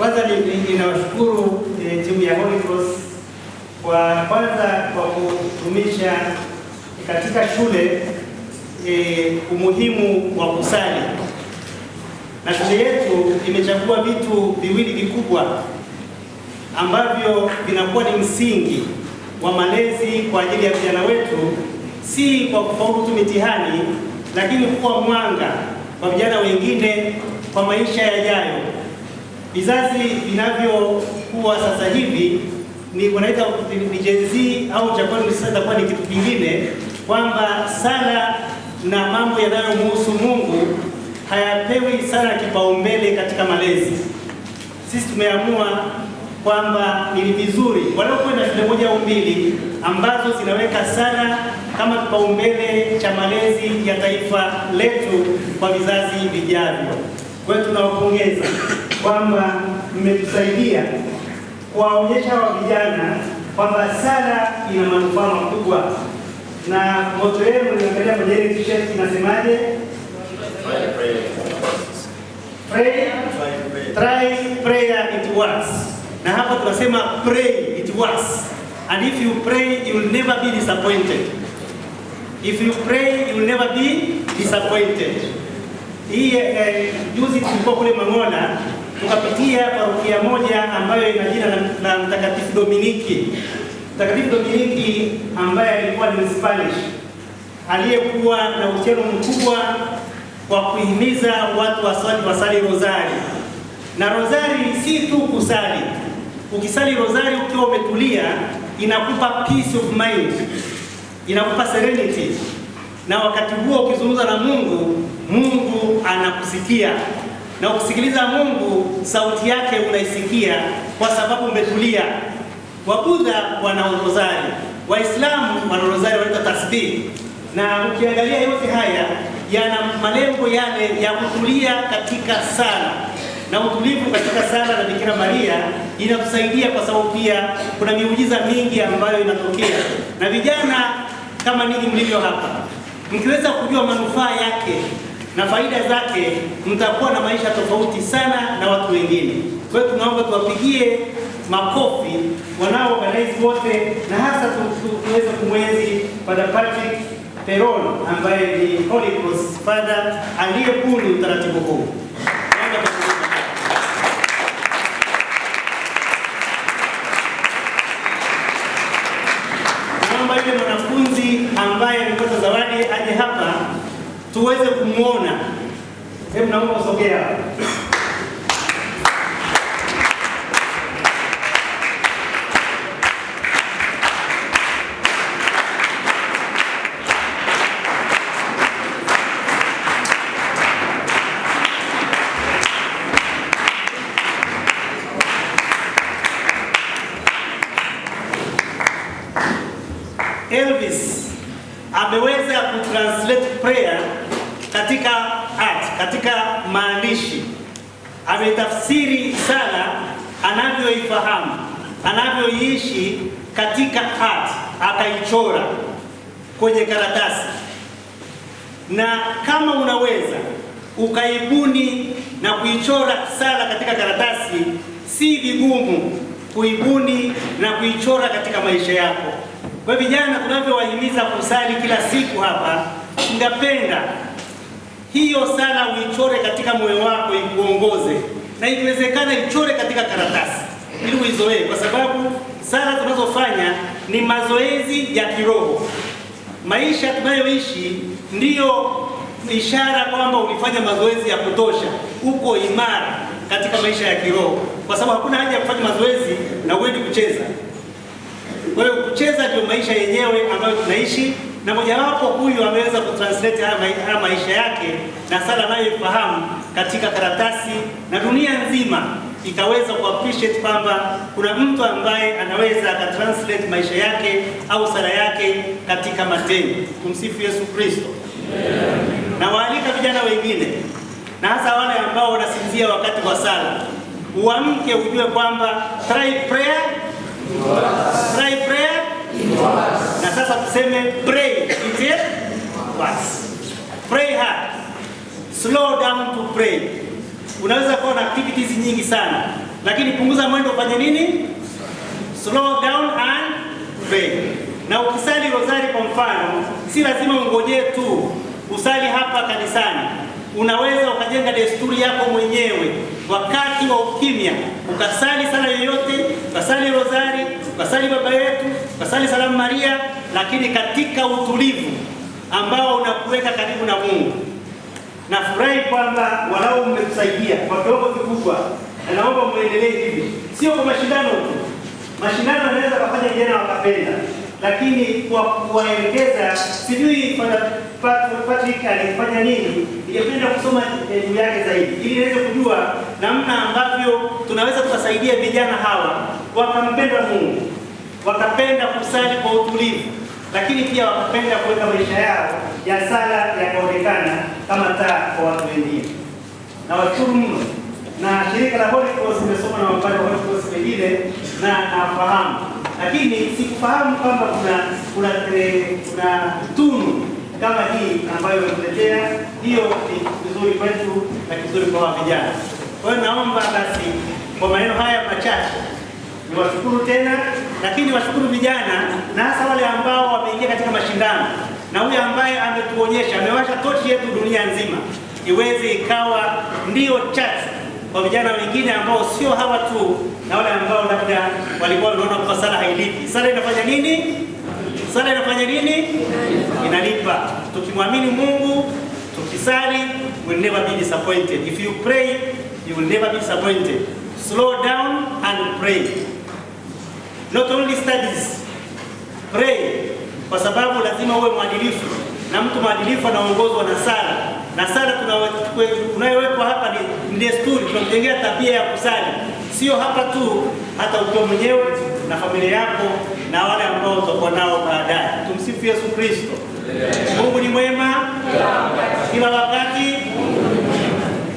Kwanza ninawashukuru eh, timu ya Holy Cross kwa kwanza kwa kutumisha katika shule eh, umuhimu wa kusali, na shule yetu imechagua vitu viwili vikubwa ambavyo vinakuwa ni msingi wa malezi kwa ajili ya vijana wetu, si kwa kufaulu tu mitihani, lakini kuwa mwanga kwa vijana wengine kwa maisha yajayo. Vizazi vinavyokuwa sasa hivi ni wanaita ni Gen Z au itakuwa ni kitu kingine, kwamba sala na mambo yanayomhusu Mungu hayapewi sana kipaumbele katika malezi. Sisi tumeamua kwamba ni vizuri na shule moja au mbili ambazo zinaweka sana kama kipaumbele cha malezi ya taifa letu kwa vizazi vijavyo. Kwa hiyo tunawapongeza kwamba mmetusaidia kuwaonyesha hawa vijana kwamba sala ina manufaa makubwa, na moto yenu inaangalia kwenye ile t-shirt inasemaje? Pray, try prayer, it works. Na hapa tunasema pray, it works. And if you pray, you will never be disappointed. If you pray, you will never be disappointed hii eh, juzi tulikuwa kule Mang'ola tukapitia parokia moja ambayo ina jina la Mtakatifu Dominiki. Mtakatifu Dominiki ambaye alikuwa ni Spanish, aliyekuwa na uhusiano mkubwa wa kuhimiza watu waswali wasali rozari, na rozari si tu kusali. Ukisali rozari ukiwa umetulia, inakupa peace of mind, inakupa serenity, na wakati huo ukizungumza na Mungu Mungu anakusikia na ukisikiliza Mungu sauti yake unaisikia, kwa sababu umetulia. Wabudha wana rozari, Waislamu wana rozari, wanaita tasbih. Na ukiangalia yote haya yana malengo yale ya kutulia katika sala na utulivu katika sala na Bikira Maria inatusaidia kwa sababu pia kuna miujiza mingi ambayo inatokea. Na vijana kama ninyi mlivyo hapa, mkiweza kujua manufaa yake na faida zake, mtakuwa na maisha tofauti sana na watu wengine. Kwa hiyo tunaomba tuwapigie makofi wanao organize wote, na hasa tuweze kumwenzi Father Patrick Peron ambaye ni Holy Cross Father aliyebuni utaratibu huu. kumwona. Hebu naomba usogea hapa. É. Elvis ameweza kutranslate é prayer katika art, katika maandishi ametafsiri sana anavyoifahamu anavyoiishi katika art, akaichora kwenye karatasi, na kama unaweza ukaibuni na kuichora sala katika karatasi, si vigumu kuibuni na kuichora katika maisha yako. Kwa vijana, tunavyowahimiza kusali kila siku hapa, ningependa hiyo sana uichore katika moyo wako ikuongoze, na ikiwezekana ichore katika karatasi ili uizoee, kwa sababu sala tunazofanya ni mazoezi ya kiroho. Maisha tunayoishi ndiyo ishara kwamba ulifanya mazoezi ya kutosha, uko imara katika maisha ya kiroho, kwa sababu hakuna haja ya kufanya mazoezi na uendi kucheza. Kwa hiyo kucheza ndio maisha yenyewe ambayo tunaishi na mojawapo huyu ameweza kutranslate haya, haya maisha yake na sala anayoifahamu katika karatasi na dunia nzima ikaweza ku appreciate kwamba kuna mtu ambaye anaweza akatranslate maisha yake au sala yake katika matendo. Tumsifu Yesu Kristo. Na waalika vijana wengine na hasa wale ambao wanasinzia wakati wa sala, uamke ujue kwamba try prayer, try prayer na sasa tuseme pray it is basi. Pray hard. Slow down to pray. Unaweza kuwa na activities nyingi sana lakini punguza mwendo, ufanye nini? Slow down and pray. Na ukisali rozari kwa mfano, si lazima ungojee tu usali hapa kanisani, unaweza kujenga desturi yako mwenyewe, wakati wa ukimya ukasali sala yoyote, ukasali rozari, ukasali baba yetu, ukasali salamu Maria, lakini katika utulivu ambao unakuweka karibu na Mungu. Nafurahi kwamba walau mmekusaidia kwa kiwango kikubwa, na naomba muendelee hivi, sio kwa mashindano tu. Mashindano yanaweza kufanya jana wakapenda, lakini kwa kuwaelekeza sijui Patrick alifanya nini, ningependa kusoma elimu yake zaidi ili niweze kujua namna ambavyo tunaweza kuwasaidia vijana hawa wakampenda Mungu, wakapenda kusali kwa utulivu, lakini pia wakapenda kuweka maisha yao ya sala yakaonekana kama taa kwa watu wengine. Na washukuru mno na shirika la Holy Cross limesoma na wapale wa Holy Cross wengine na nafahamu, lakini sikufahamu kwamba kuna kuna, kuna, eh, kuna tunu kama hii ambayo imetuletea hiyo, ni vizuri kwetu na kizuri kwa vijana. Kwa hiyo naomba basi kwa maneno haya machache niwashukuru tena, lakini washukuru vijana na hasa wale ambao wameingia katika mashindano na huyu ambaye ametuonyesha amewasha tochi yetu dunia nzima iweze ikawa ndio chati kwa vijana wengine ambao sio hawa tu, na wale ambao labda walikuwa wanaona kwa sala hailipi. Sala inafanya nini? Sala inafanya nini? Inalipa. Tukimwamini Mungu, tukisali, we will never be disappointed. If you pray, you will never be disappointed. Slow down and pray. Not only studies. Pray kwa sababu lazima uwe mwadilifu na mtu mwadilifu anaongozwa na sala, na sala tunayowekwa hapa ni desturi, tunamjengea tabia ya kusali, sio hapa tu, hata ukiwa mwenyewe na familia yako na wale ambao tutakuwa nao baadaye. Tumsifu Yesu Kristo. Mungu ni mwema kila wakati.